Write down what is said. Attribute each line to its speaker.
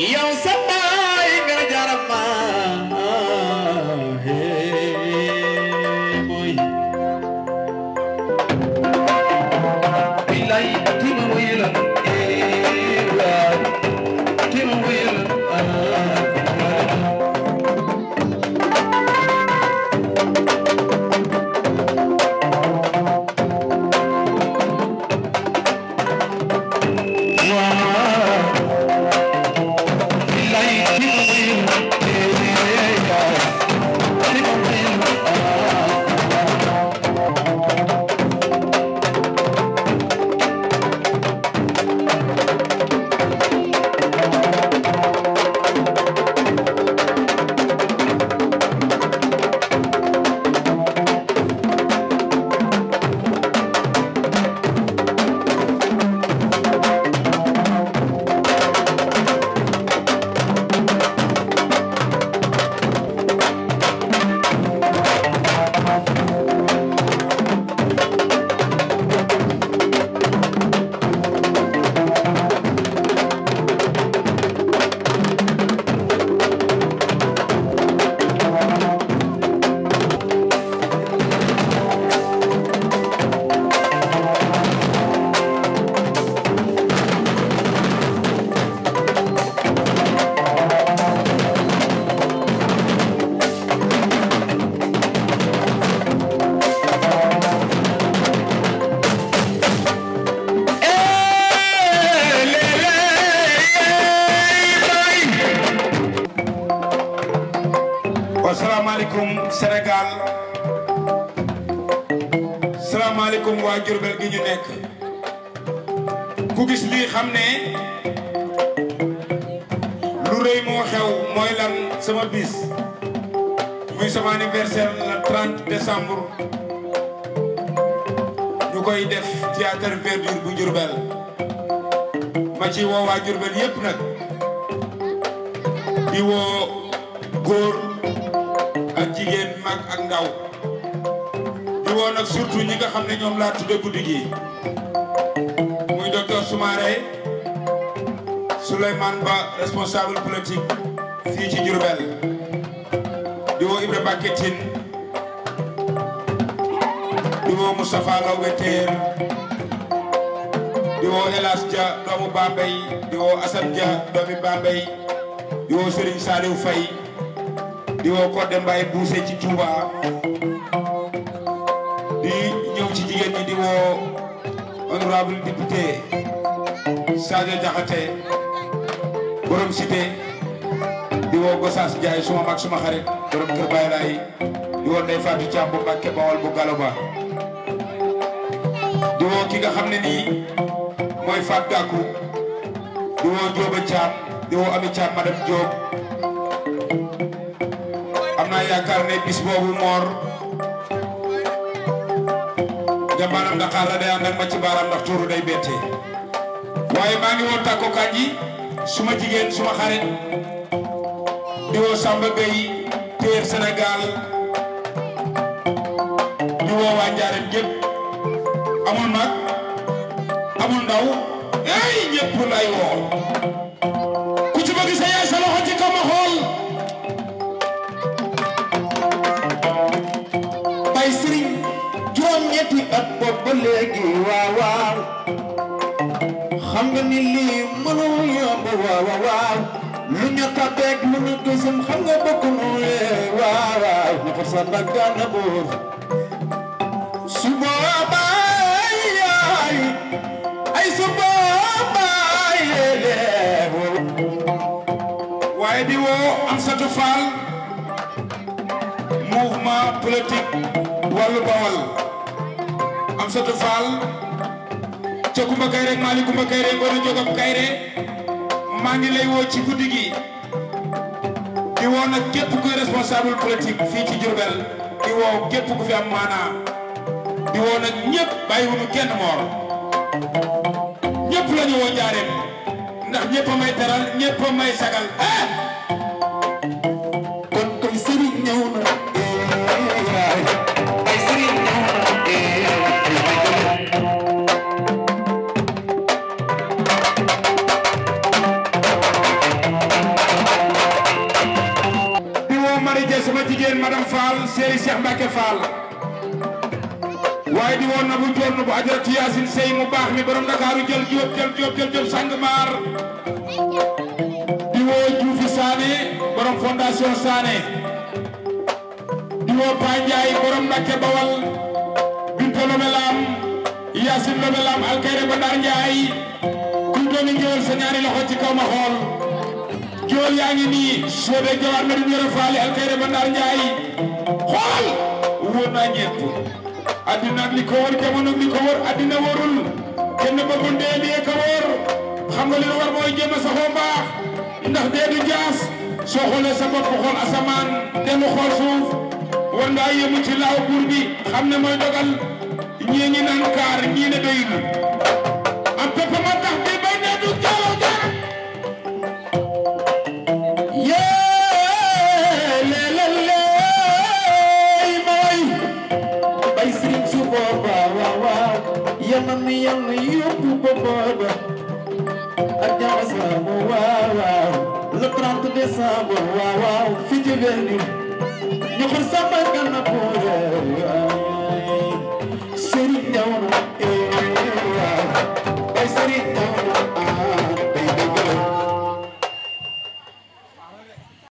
Speaker 1: yow sa baay nga jarama hee mooy bilay salaamaaleykum waa Jurbel gi ñu nekk ku gis lii xam ne lu rëy moo xew mooy lan sama bis muy sama anniversaire le 30 décembre ñu koy def théâtre verdure bu Jurbel ma ci woo waa yépp nag di woo góor ak jigéen mag ak ndaw di woon ak surtout ñi nga xam ne ñoom laa tudde guddi gi muy docteur Soumaré Souleymane Ba responsable politique fii ci Diourbel di woo Ibra Mbacké Tine di woo Moustapha Lawbe Téer di woo Elas Dia doomu Bambey di woo Assane Dia doomi Bambey di woo Serigne Saliou Faye di woo Codé Mbaye Bousse ci Touba di ñëw ci jigéen ñi di woo honorable député Sadio Diakhaté borom cité di woo Gossas suma mag suma xarit borom Kër Baye Laye di woo Ndeye bu Mbacke Bawol bu Galoba di woo ki nga xam ne nii mooy Fatou Gakou di woo Diop Thiam di woo Ami Thiam madame naa yaakaar ne bis boobu moor jambaanam Dakar la day ànd ak ma ci baaraam ndax tuuru day bette waaye maa ngi woon tàkko kaaj yi suma jigéen suma xarit di woo Samba Gueye téer Sénégal di woo waa Njaareem amul mag amul ndaw ay ñëpp lay woo juróom-ñetti at boobu léegi waaw xam nga ni lii mënul yomb waaw waaw lu ñu tabeeg lu ñu gisum xam nga bokk mu yee waaw waaw na ko na buur su boobaa ay su boobaa waaye di woo Amsatou Fall mouvement politique wàllu Bawal am satu faal ca Kumba Kayre ak Mali Kumba Kayre ngoon jogam Kayre maa ngi lay woo ci guddi gi di woo nag képp kuy responsable politique fii ci Diourbel di woo képp gu fi am maanaa di woo nag ñëpp bàyyiwuñu kenn moor ñëpp la ñu woo ndax ñëpp a may teral ñëpp may sagal Mbacke Fall waaye di woon na bu jonn bu ajaratu Yaasin sey mu baax mi borom Ndakaaru jël jóob jël jóob jël jóob sang maar di woo Juufi Sané borom fondation Sané di woo Pa Njaay borom Mbacke Bawal Binta Lomelaam Yaasin Lomelaam Alkayre Bandar Njaay kuy doomi ngéwél sa ñaari loxo ci kaw ma jool yaa ngi nii soobee jawaar na du yore faale alkayre ba naar njaay xool wóor naa ñeent addina ak li ko wër jamono li ko wër addina wërul kenn bëggul dee lii ko xam nga li war mooy jéem a saxoo mbaax ndax dee du jaas soo xoolee sa bopp xool asamaan dellu xool suuf war ngaa yemu ci laaw buur bi xam ne mooy dogal ñii ngi naan ñii ne doyul ba baawa waaw yaman yàlla yóbbu ba booba ak jàmm saamu waaw waaw le fi ci benn ñu xur